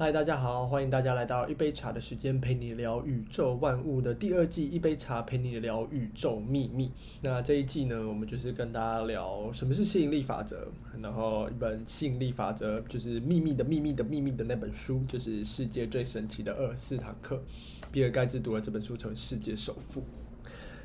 嗨，大家好，歡迎大家來到一杯茶的時間，陪你聊宇宙萬物的第二季。一杯茶陪你聊宇宙秘密。那這一季呢，我們就是跟大家聊什麼是吸引力法則，然後一本吸引力法則就是秘密的秘密的秘密的那本書，就是世界最神奇的二十四堂課。比爾蓋茨讀了這本書，成為世界首富。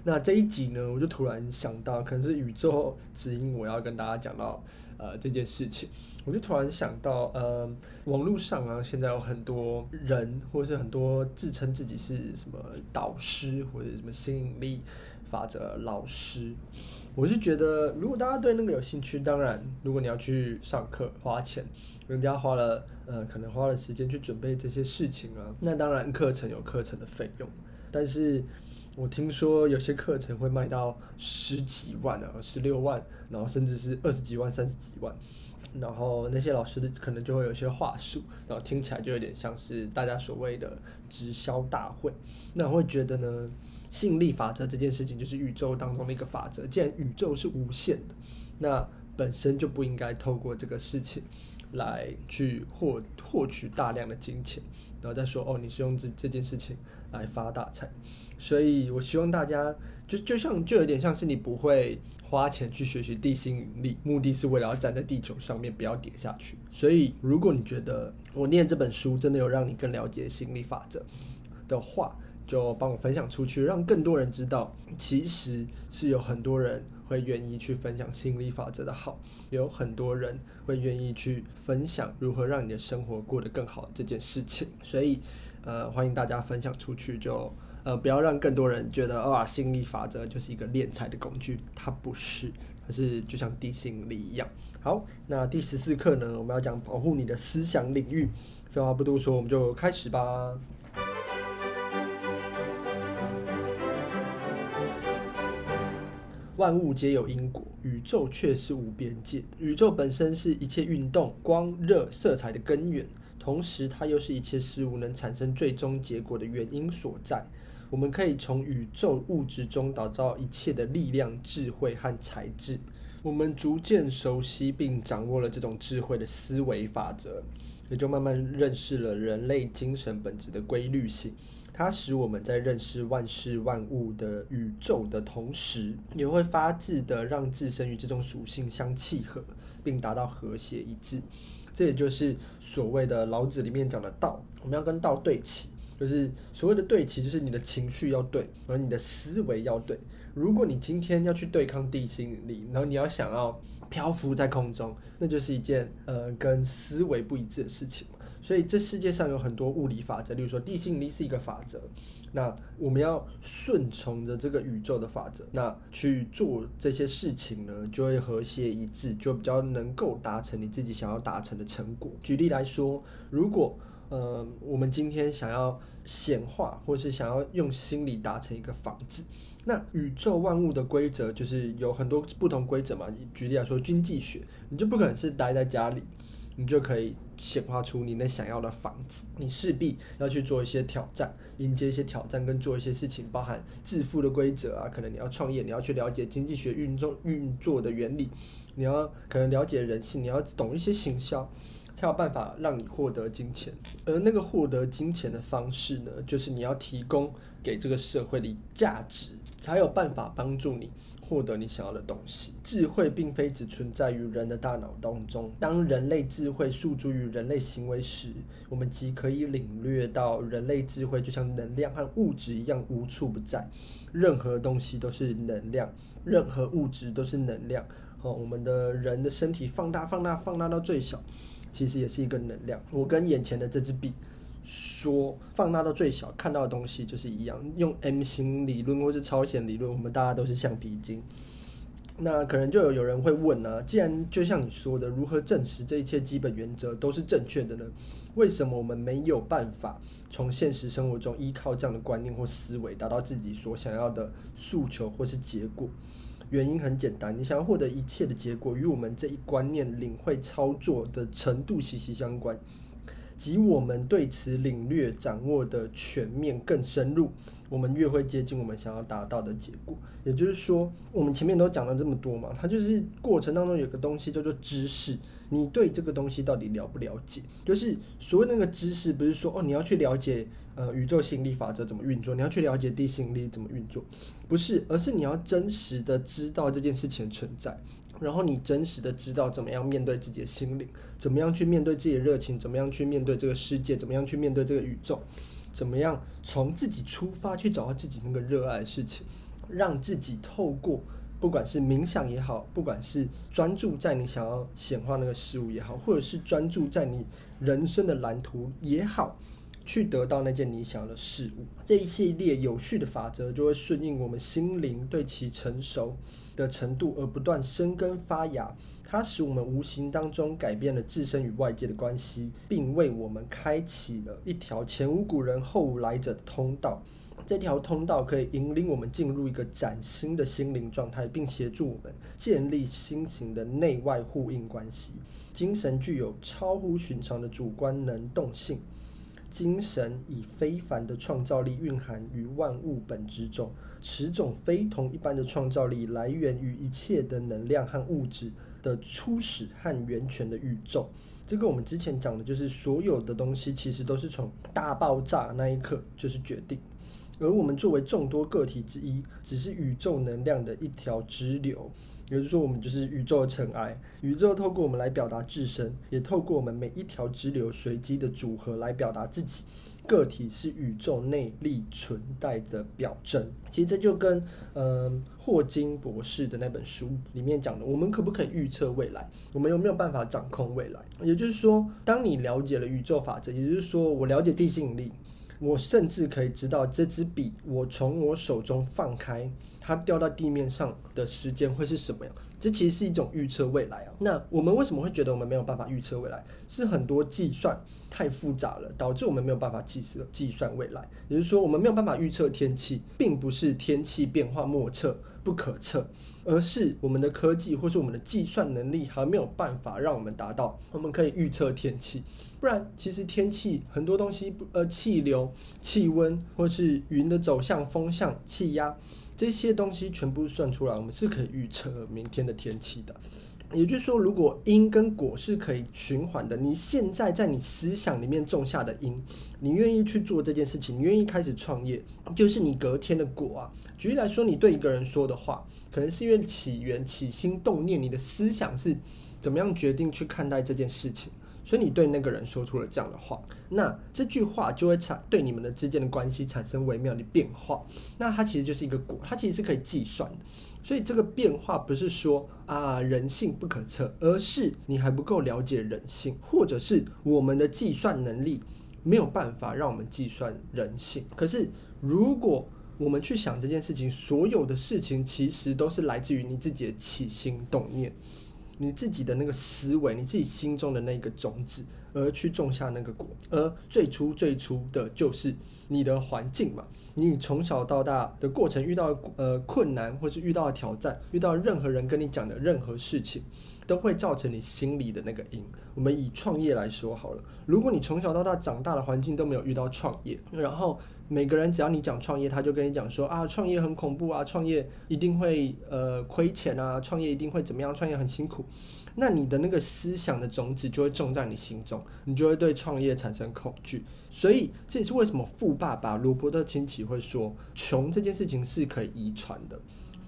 那這一集呢，我就突然想到，可能是宇宙指引我要跟大家講到呃這件事情。我就突然想到，呃，網絡上啊，現在有很多人，或者是很多自稱自己是什麼導師，或者什麼吸引力法則老師。我是覺得，如果大家對那個有興趣，當然，如果你要去上課花錢，人家花了，呃，可能花了時間去準備這些事情啊，那當然課程有課程的費用。但是，我聽說有些課程會賣到十幾萬啊，十六萬，然後甚至是二十幾萬、三十幾萬。然後那些老師的可能就會有一些話術，然後聽起來就有點像是大家所謂的直銷大會。那會覺得呢，吸引力法則這件事情就是宇宙當中的一個法則。既然宇宙是無限的，那本身就不應該透過這個事情來去獲獲取大量的金錢，然後再說哦，你是用這這件事情來發大財。所以我希望大家。就就像，就有點像是你不會花錢去學習地心引力，目的是為了要站在地球上面不要跌下去。所以，如果你覺得我念這本書真的有讓你更了解心理法則的話，就幫我分享出去，讓更多人知道。其實是有很多人會願意去分享心理法則的好，有很多人會願意去分享如何讓你的生活過得更好這件事情。所以，呃，歡迎大家分享出去就。呃，不要讓更多人覺得，哇、哦啊，吸引力法則就是一個斂財的工具，它不是，它是就像地心引力一樣。好，那第十四課呢，我們要講保護你的思想領域。廢話不多說，我們就開始吧。萬物皆有因果，宇宙確是無邊界。宇宙本身是一切運動、光、熱、色彩的根源，同時它又是一切事物能產生最終結果的原因所在。我們可以從宇宙物質中得到一切的力量、智慧和才智。我們逐漸熟悉並掌握了這種智慧的思維法則，也就慢慢認識了人類精神本質的規律性。它使我們在認識萬事萬物的宇宙的同時，也會發自的讓自身與這種屬性相契合，並達到和諧一致。這也就是所謂的《老子》裡面講的“道”。我們要跟道對齊。就是所謂的對齊，就是你的情緒要對，而你的思維要對。如果你今天要去對抗地心引力，然後你要想要漂浮在空中，那就是一件呃跟思維不一致的事情。所以這世界上有很多物理法則，例如說地心引力是一個法則，那我們要順從着這個宇宙的法則，那去做這些事情呢，就會和諧一致，就比較能夠達成你自己想要達成的成果。舉例來說，如果呃，我們今天想要顯化，或是想要用心理達成一個房子，那宇宙萬物的規則就是有很多不同規則嘛。你舉例來說，經濟學，你就不可能是待在家裡，你就可以顯化出你那想要的房子。你勢必要去做一些挑戰，迎接一些挑戰，跟做一些事情，包含致富的規則啊。可能你要創業，你要去了解經濟學運作運作的原理，你要可能了解人性，你要懂一些行銷。才有辦法讓你獲得金錢，而那個獲得金錢的方式呢，就是你要提供給這個社會的價值，才有辦法幫助你獲得你想要的東西。智慧並非只存在於人的大腦當中，當人類智慧訴諸於人類行為時，我們即可以領略到人類智慧就像能量和物質一樣無處不在。任何東西都是能量，任何物質都是能量。好、哦，我們的人的身體放大、放大、放大到最小。其實也是一個能量。我跟眼前的這支筆說，放大到最小，看到的東西就是一樣。用 M 型理論或是超弦理論，我們大家都是橡皮筋。那可能就有有人會問呢、啊，既然就像你說的，如何證實這一切基本原則都是正確的呢？為什麼我們沒有辦法從現實生活中依靠這樣的觀念或思維，達到自己所想要的訴求或是結果？原因很簡單，你想要獲得一切的結果，與我們這一觀念領會操作的程度息息相關，即我們對此領略掌握的全面更深入，我們越會接近我們想要達到的結果。也就是說，我們前面都講了這麼多嘛，它就是過程當中有個東西叫做知識，你對這個東西到底了不了解？就是所謂那個知識，不是說哦，你要去了解。呃，宇宙吸引力法則怎麼運作？你要去了解地心引力怎麼運作，不是，而是你要真實的知道這件事情的存在，然後你真實的知道怎麼樣面對自己的心靈，怎麼樣去面對自己的熱情，怎麼樣去面對這個世界，怎麼樣去面對這個宇宙，怎麼樣從自己出發去找到自己那個熱愛的事情，讓自己透過不管是冥想也好，不管是專注在你想要顯化那個事物也好，或者是專注在你人生的藍圖也好，去得到那件理想的事物，這一系列有序的法則就會順應我們心靈對其成熟的程度而不斷生根發芽。它使我們無形當中改變了自身與外界的關係，並為我們開啟了一條前無古人後無來者的通道。這條通道可以引領我們進入一個嶄新的心靈狀態，並協助我們建立新型的內外呼應關係。精神具有超乎尋常的主觀能動性。精神以非凡的創造力蘊含於萬物本之中。此種非同一般的創造力來源於一切的能量和物質的初始和源泉的宇宙。這個我們之前講的就是，所有的東西其實都是從大爆炸那一刻就是決定，而我們作為眾多個體之一，只是宇宙能量的一條支流。也就是說，我們就是宇宙的塵埃，宇宙透過我們來表達自身，也透過我們每一條支流隨機的組合來表達自己。個體是宇宙內力存在的表徵。其實這就跟嗯、呃、霍金博士的那本書裡面講的，我們可不可以預測未來？我們有沒有辦法掌控未來？也就是說，當你了解了宇宙法則，也就是說，我了解地心引力。我甚至可以知道這支筆，我從我手中放開，它掉到地面上的時間會是什麼樣。這其實是一種預測未來啊。那我們為什麼會覺得我們沒有辦法預測未來？是很多計算太複雜了，導致我們沒有辦法計計算未來。也就是說，我們沒有辦法預測天氣，並不是天氣變化莫測。不可測，而是我們的科技或是我們的計算能力還沒有辦法讓我們達到。我們可以預測天氣，不然其實天氣很多東西不，呃，氣流、氣溫或者是雲的走向、風向、氣壓這些東西全部算出來，我們是可以預測明天的天氣的。也就是說，如果因跟果是可以循環的，你現在在你思想裡面種下的因，你願意去做這件事情，你願意開始創業，就是你隔天的果啊。舉例來說，你對一個人說的話，可能是因為起源，起心動念，你的思想是怎麼樣決定去看待這件事情，所以你對那個人說出了這樣的話，那這句話就會產對你們的之間的關係產生微妙的變化。那它其實就是一個果，它其實是可以計算的。所以這個變化不是說啊，人性不可測，而是你還不夠了解人性，或者是我們的計算能力沒有辦法讓我們計算人性。可是如果我們去想這件事情，所有的事情其實都是來自於你自己的起心動念。你自己的那個思維，你自己心中的那個種子，而去種下那個果。而最初最初的就是你的環境嘛，你從小到大的過程遇到呃困難，或是遇到挑戰，遇到任何人跟你講的任何事情。都會造成你心裡的那個因。我們以創業來說好了，如果你從小到大長大的環境都沒有遇到創業，然後每個人只要你講創業，他就跟你講說啊，創業很恐怖啊，創業一定會呃虧錢啊，創業一定會怎麼樣，創業很辛苦。那你的那個思想的種子就會種在你心中，你就會對創業產生恐懼。所以這也是為什麼富爸爸羅伯特清崎會說，窮這件事情是可以遺傳的，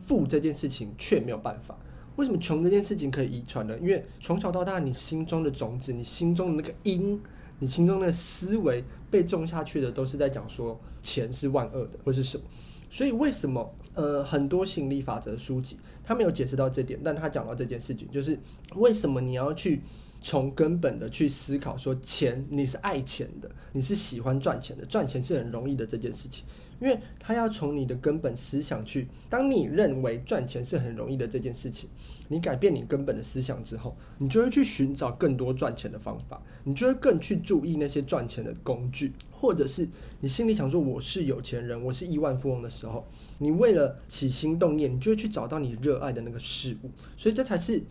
富這件事情卻沒有辦法。為什麼窮這件事情可以遺傳呢？因為從小到大，你心中的種子，你心中的那個因，你心中的思維被種下去的，都是在講說錢是萬惡的，或是什麼。所以為什麼呃很多吸引力法則書籍他沒有解釋到這點，但他講到這件事情，就是為什麼你要去從根本的去思考說錢，你是愛錢的，你是喜歡賺錢的，賺錢是很容易的這件事情。因為他要從你的根本思想去，當你認為賺錢是很容易的這件事情，你改變你根本的思想之後，你就會去尋找更多賺錢的方法，你就會更去注意那些賺錢的工具，或者是你心裡想說我是有錢人，我是億萬富翁的時候，你為了起心動念，你就會去找到你熱愛的那個事物，所以這才是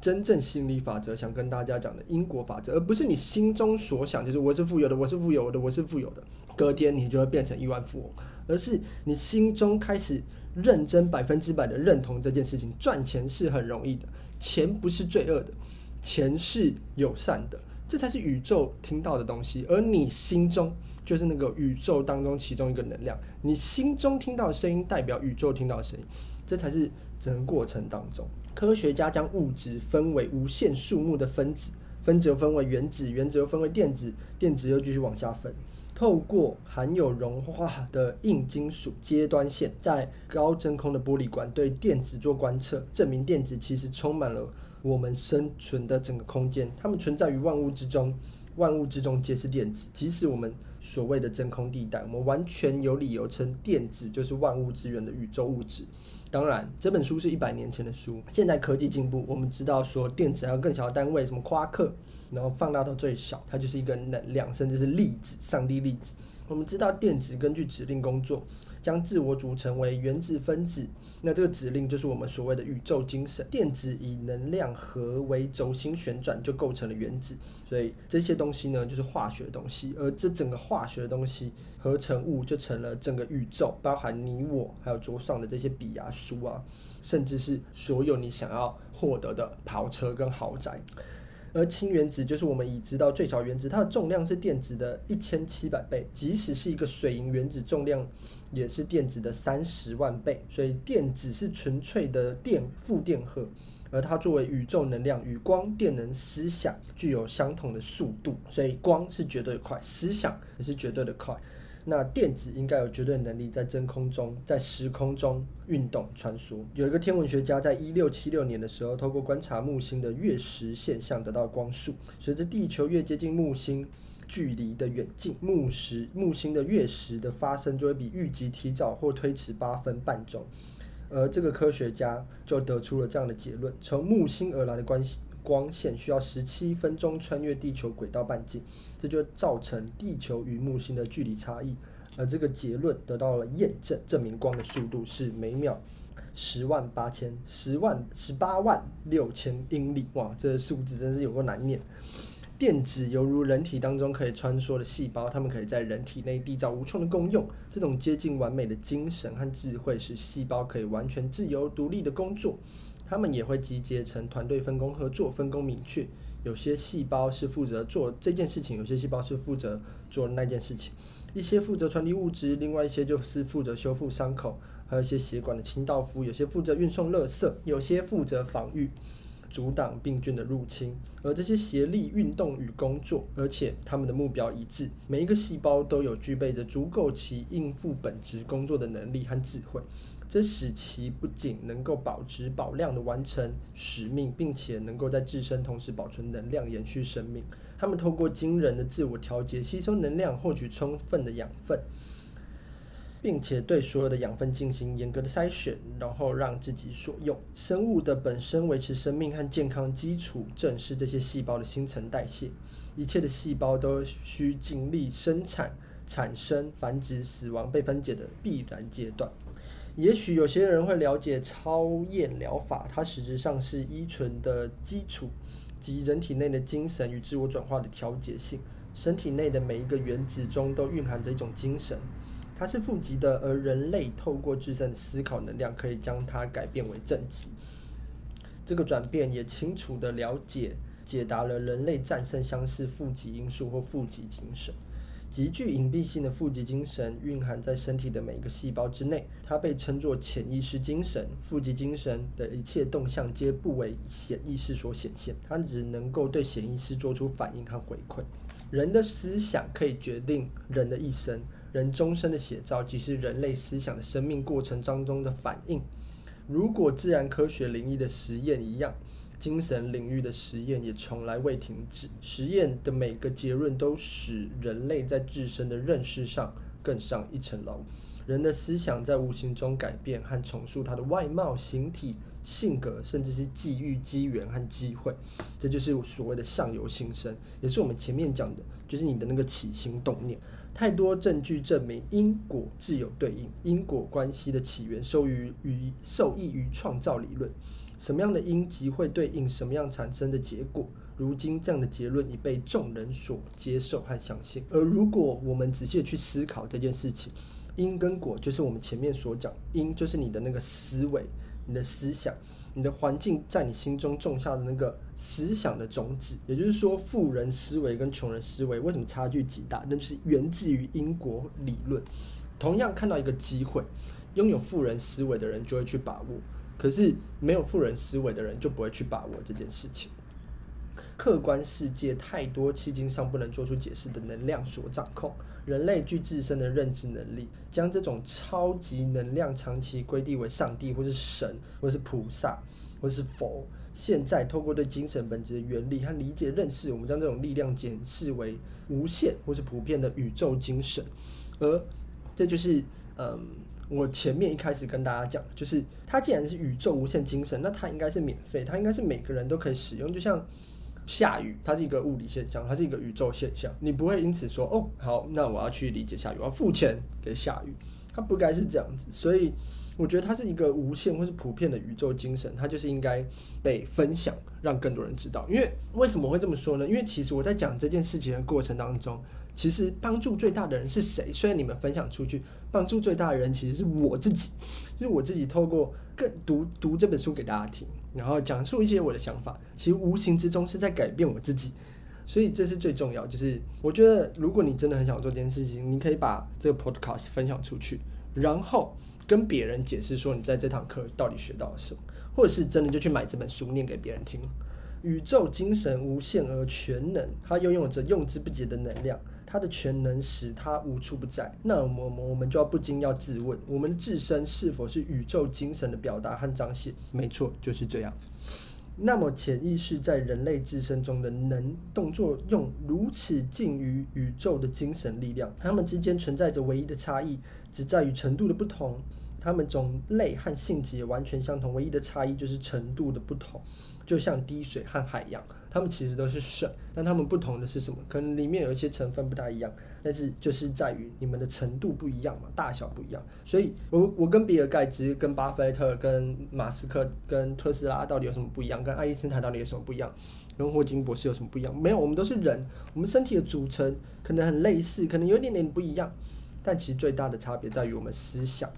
真正心理法則，想跟大家講的因果法則，而不是你心中所想，就是我是富有的，我是富有的，我是富有的，有的隔天你就會變成億萬富翁。而是你心中開始認真百分之百的認同這件事情，賺錢是很容易的，錢不是罪惡的，錢是友善的，這才是宇宙聽到的東西。而你心中就是那個宇宙當中其中一個能量，你心中聽到的聲音代表宇宙聽到的聲音，這才是整個過程當中。科學家將物質分為無限數目的分子。分子又分為原子，原子又分為電子，電子又繼續往下分。透過含有融化的硬金屬接端線，在高真空的玻璃管對電子做觀測，證明電子其實充滿了我們生存的整個空間。它們存在於萬物之中，萬物之中皆是電子。即使我們所謂的真空地帶，我們完全有理由稱電子就是萬物之源的宇宙物質。當然，這本書是一百年前的書。現在科技進步，我們知道說電子還有更小的單位，什麼夸克，然後放大到最小，它就是一個能量，甚至是粒子，上帝粒子。我們知道電子根據指令工作。將自我組成為原子分子，那這個指令就是我們所謂的宇宙精神。電子以能量核為軸心旋轉，就構成了原子。所以這些東西呢，就是化學的東西。而這整個化學的東西合成物，就成了整個宇宙，包含你我，還有桌上的這些筆啊、書啊，甚至是所有你想要獲得的跑車跟豪宅。而氫原子就是我們已知到最小原子，它的重量是電子的一千七百倍。即使是一個水銀原子，重量。也是電子的三十萬倍，所以電子是純粹的電負電荷，而它作為宇宙能量與光、電能、思想具有相同的速度，所以光是絕對快，思想也是絕對的快。那電子應該有絕對的能力在真空中、在時空中運動穿梭。有一個天文學家在一六七六年的時候，透過觀察木星的月食現象得到光速，隨着地球越接近木星。距離的遠近，木星木星的月食的發生就會比預計提早或推遲八分半鐘，而這個科學家就得出了這樣的結論：從木星而來的關光線需要十七分鐘穿越地球軌道半徑，這就造成地球與木星的距離差異。而這個結論得到了驗證，證明光的速度是每秒十萬八千、十萬、十八萬六千英里。哇，這個數字真是有夠難念。電子猶如人體當中可以穿梭的細胞，它們可以在人體內締造無窮的功用。這種接近完美的精神和智慧，使細胞可以完全自由獨立地工作。它們也會集結成團隊，分工合作，分工明確。有些細胞是負責做這件事情，有些細胞是負責做那件事情。一些負責傳遞物質，另外一些就是負責修復傷口，還有一些血管的清道夫，有些負責運送垃圾，有些負責防禦。阻擋病菌的入侵，而這些協力運動與工作，而且他們的目標一致。每一個細胞都有具備着足夠其應付本職工作的能力和智慧，這使其不僅能夠保質保量地完成使命，並且能夠在自身同時保存能量，延續生命。他們透過驚人的自我調節，吸收能量，獲取充分的養分。並且對所有的養分進行嚴格的篩選，然後讓自己所用。生物的本身維持生命和健康基礎，正是這些細胞的新陳代謝。一切的細胞都需經歷生產、產生、繁殖、死亡、被分解的必然階段。也許有些人會了解超驗療法，它實質上是依存的基礎即人體內的精神與自我轉化的調節性。身體內的每一個原子中都蘊含着一種精神。它是負極的，而人類透過自身的思考能量，可以將它改變為正極。這個轉變也清楚地了解解答了人類戰勝相似負極因素或負極精神。極具隱蔽性的負極精神蘊含在身體的每一個細胞之內，它被稱作潛意識精神。負極精神的一切動向皆不為顯意識所顯現，它只能夠對顯意識做出反應和回饋。人的思想可以決定人的一生。人終身的寫照，即是人類思想的生命過程當中的反應。如果自然科學領域的實驗一樣，精神領域的實驗也從來未停止。實驗的每個結論都使人類在自身的認識上更上一層樓。人的思想在無形中改變和重塑它的外貌、形體、性格，甚至是際遇、機緣和機會。這就是所謂的相由心生，也是我們前面講的，就是你的那個起心動念。太多證據證明因果自有對應，因果關係的起源受於於受益於創造理論。什麼樣的因即會對應什麼樣產生的結果？如今這樣的結論已被眾人所接受和相信。而如果我們仔細去思考這件事情，因跟果就是我們前面所講，因就是你的那個思維，你的思想。你的環境在你心中種下的那個思想的種子，也就是說，富人思維跟窮人思維為什麼差距極大，那就是源自於因果理論。同樣看到一個機會，擁有富人思維的人就會去把握，可是沒有富人思維的人就不會去把握這件事情。客觀世界太多，迄今尚不能做出解釋的能量所掌控。人類據自身的認知能力，將這種超級能量長期規定為上帝或是神，或是菩薩，或是佛。現在，透過對精神本質的原理和理解認識，我們將這種力量解釋為無限或是普遍的宇宙精神。而這就是，嗯，我前面一開始跟大家講，就是它既然是宇宙無限精神，那它應該是免費，它應該是每個人都可以使用，就像。下雨，它是一個物理現象，它是一個宇宙現象。你不會因此說哦，好，那我要去理解下雨，我要付錢給下雨。它不該是這樣子。所以，我覺得它是一個無限或是普遍的宇宙精神，它就是應該被分享，讓更多人知道。因為為什麼會這麼說呢？因為其實我在講這件事情的過程當中，其實幫助最大的人是誰？雖然你們分享出去，幫助最大的人其實是我自己，就是我自己透過更讀讀這本書給大家聽。然後講述一些我的想法，其實無形之中是在改變我自己，所以這是最重要的。就是我覺得，如果你真的很想做這件事情，你可以把這個 podcast 分享出去，然後跟別人解釋說你在這堂課到底學到了什麼，或者是真的就去買這本書念給別人聽。宇宙精神無限而全能，它擁有着用之不竭的能量。它的全能使它無處不在，那麼，我們就要不禁要自問，我們自身是否是宇宙精神的表達和彰顯？沒錯，就是這樣。那麼潛意識在人類自身中的能動作用如此近於宇宙的精神力量，它們之間存在着唯一的差異，只在於程度的不同。它們種類和性質也完全相同，唯一的差異就是程度的不同，就像滴水和海洋。他們其實都是神，但他們不同的是什麼？可能裡面有一些成分不大一樣，但是就是在於你們的程度不一樣嘛，大小不一樣。所以我，我我跟比爾蓋茨、跟巴菲特、跟馬斯克、跟特斯拉到底有什麼不一樣？跟愛因斯坦到底有什麼不一樣？跟霍金博士有什麼不一樣？沒有，我們都是人，我們身體的組成可能很類似，可能有點點不一樣，但其實最大的差別在於我們思想。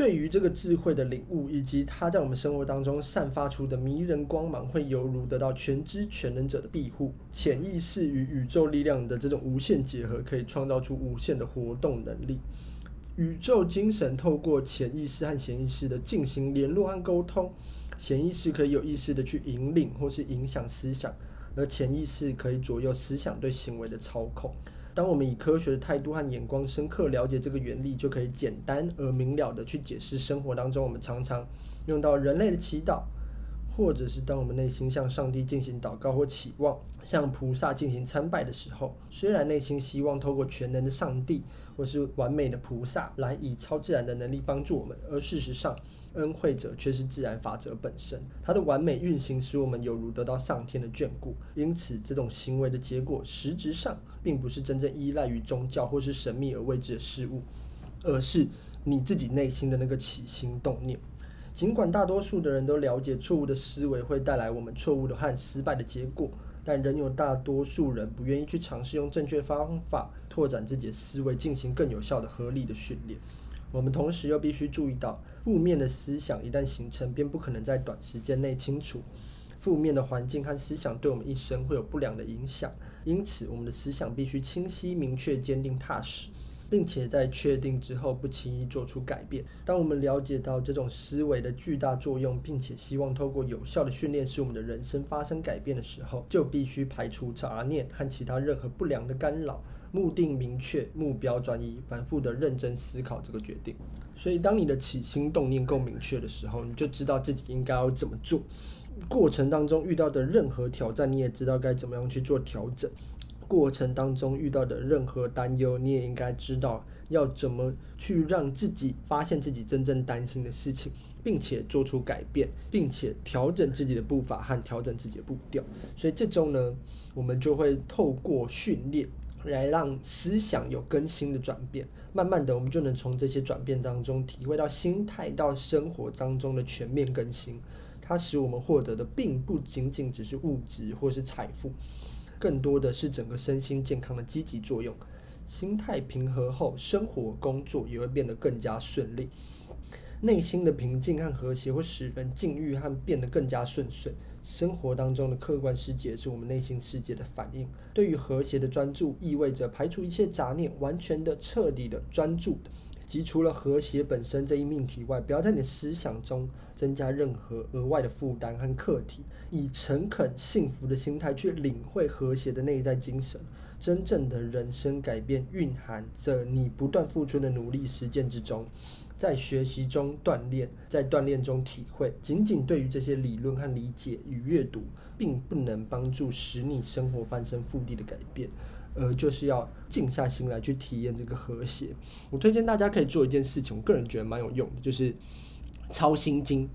對於這個智慧的領悟，以及它在我們生活當中散發出的迷人光芒，會猶如得到全知全能者的庇護。潛意識與宇宙力量的這種無限結合，可以創造出無限的活動能力。宇宙精神透過潛意識和潛意識的進行聯絡和溝通，潛意識可以有意識的去引領或是影響思想，而潛意識可以左右思想對行為的操控。當我們以科學的態度和眼光深刻了解這個原理，就可以簡單而明了的去解釋生活當中我們常常用到人類的祈禱，或者是當我們內心向上帝進行禱告或祈望，向菩薩進行參拜的時候，雖然內心希望透過全能的上帝或是完美的菩薩來以超自然的能力幫助我們，而事實上。恩惠者卻是自然法則本身，它的完美運行使我們有如得到上天的眷顧。因此，這種行為的結果實質上並不是真正依賴於宗教或是神秘而未知的事物，而是你自己內心的那個起心動念。儘管大多數的人都了解錯誤的思維會帶來我們錯誤的和失敗的結果，但仍有大多數人不願意去嘗試用正確方法拓展自己的思維，進行更有效的合理的訓練。我們同時又必須注意到，負面的思想一旦形成，便不可能在短時間內清除。負面的環境和思想對我們一生會有不良的影響，因此我們的思想必須清晰、明確、堅定、踏實，並且在確定之後不輕易做出改變。當我們了解到這種思維的巨大作用，並且希望透過有效的訓練使我們的人生發生改變的時候，就必須排除雜念和其他任何不良的干擾。目的明確，目標專一，反復的認真思考這個決定。所以，當你的起心動念夠明確的時候，你就知道自己應該要怎麼做。過程當中遇到的任何挑戰，你也知道該怎麼樣去做調整。過程當中遇到的任何擔憂，你也應該知道要怎麼去讓自己發現自己真正擔心的事情，並且做出改變，並且調整自己的步伐和調整自己的步調。所以這周呢，我們就會透過訓練。來讓思想有更新的轉變，慢慢的我們就能從這些轉變當中體會到心態到生活當中的全面更新。它使我們獲得的並不僅僅只是物質或是財富，更多的是整個身心健康的積極作用。心態平和後，生活工作也會變得更加順利。內心的平靜和和諧會使人境遇和變得更加順遂。生活當中的客觀世界是我們內心世界的反應。對於和諧的專注，意味着排除一切雜念，完全的、徹底的專注的。即除了和諧本身這一命題外，不要在你的思想中增加任何額外的負擔和課題。以誠懇、幸福的心態去領會和諧的內在精神。真正的人生改變，蘊含着你不斷付出的努力實踐之中。在學習中鍛鍊，在鍛鍊中體會。僅僅對於這些理論和理解與閱讀，並不能幫助使你生活翻身覆地的改變。呃，就是要靜下心來去體驗這個和諧。我推薦大家可以做一件事情，我個人覺得蠻有用的，就是抄心經。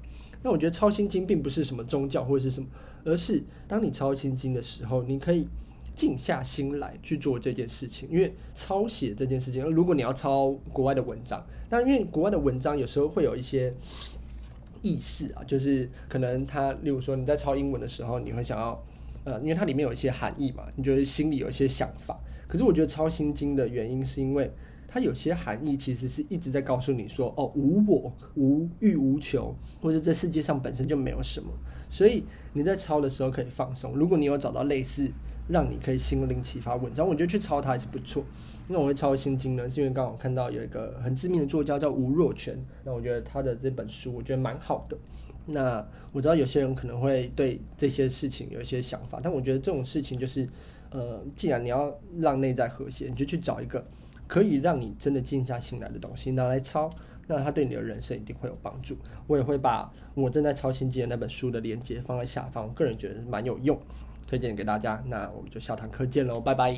那我覺得抄心經並不是什麼宗教或者是什麼，而是當你抄心經的時候，你可以。靜下心來去做這件事情，因為抄寫這件事情，如果你要抄國外的文章，但因為國外的文章有時候會有一些意思啊，就是可能它，例如說你在抄英文的時候，你會想要，呃，因為它裡面有一些含義嘛，你就是心裡有一些想法。可是我覺得抄心經的原因是因為。它有些含義其實是一直在告訴你說：“哦，無我、無欲、無求，或者這世界上本身就沒有什麼。”所以你在抄的時候可以放鬆。如果你有找到類似讓你可以心靈啟發文章，我覺得去抄它還是不錯。那我會抄《心經》呢，是因為剛好看到有一個很知名的作家叫吳若權，那我覺得他的這本書我覺得蠻好的。那我知道有些人可能會對這些事情有一些想法，但我覺得這種事情就是，呃，既然你要讓內在和諧，你就去找一個。可以讓你真的靜下心來的東西拿來抄，那它對你的人生一定會有幫助。我也會把我正在抄心經的那本書的連接放在下方，個人覺得蠻有用，推薦給大家。那我們就下堂課見嘍，拜拜。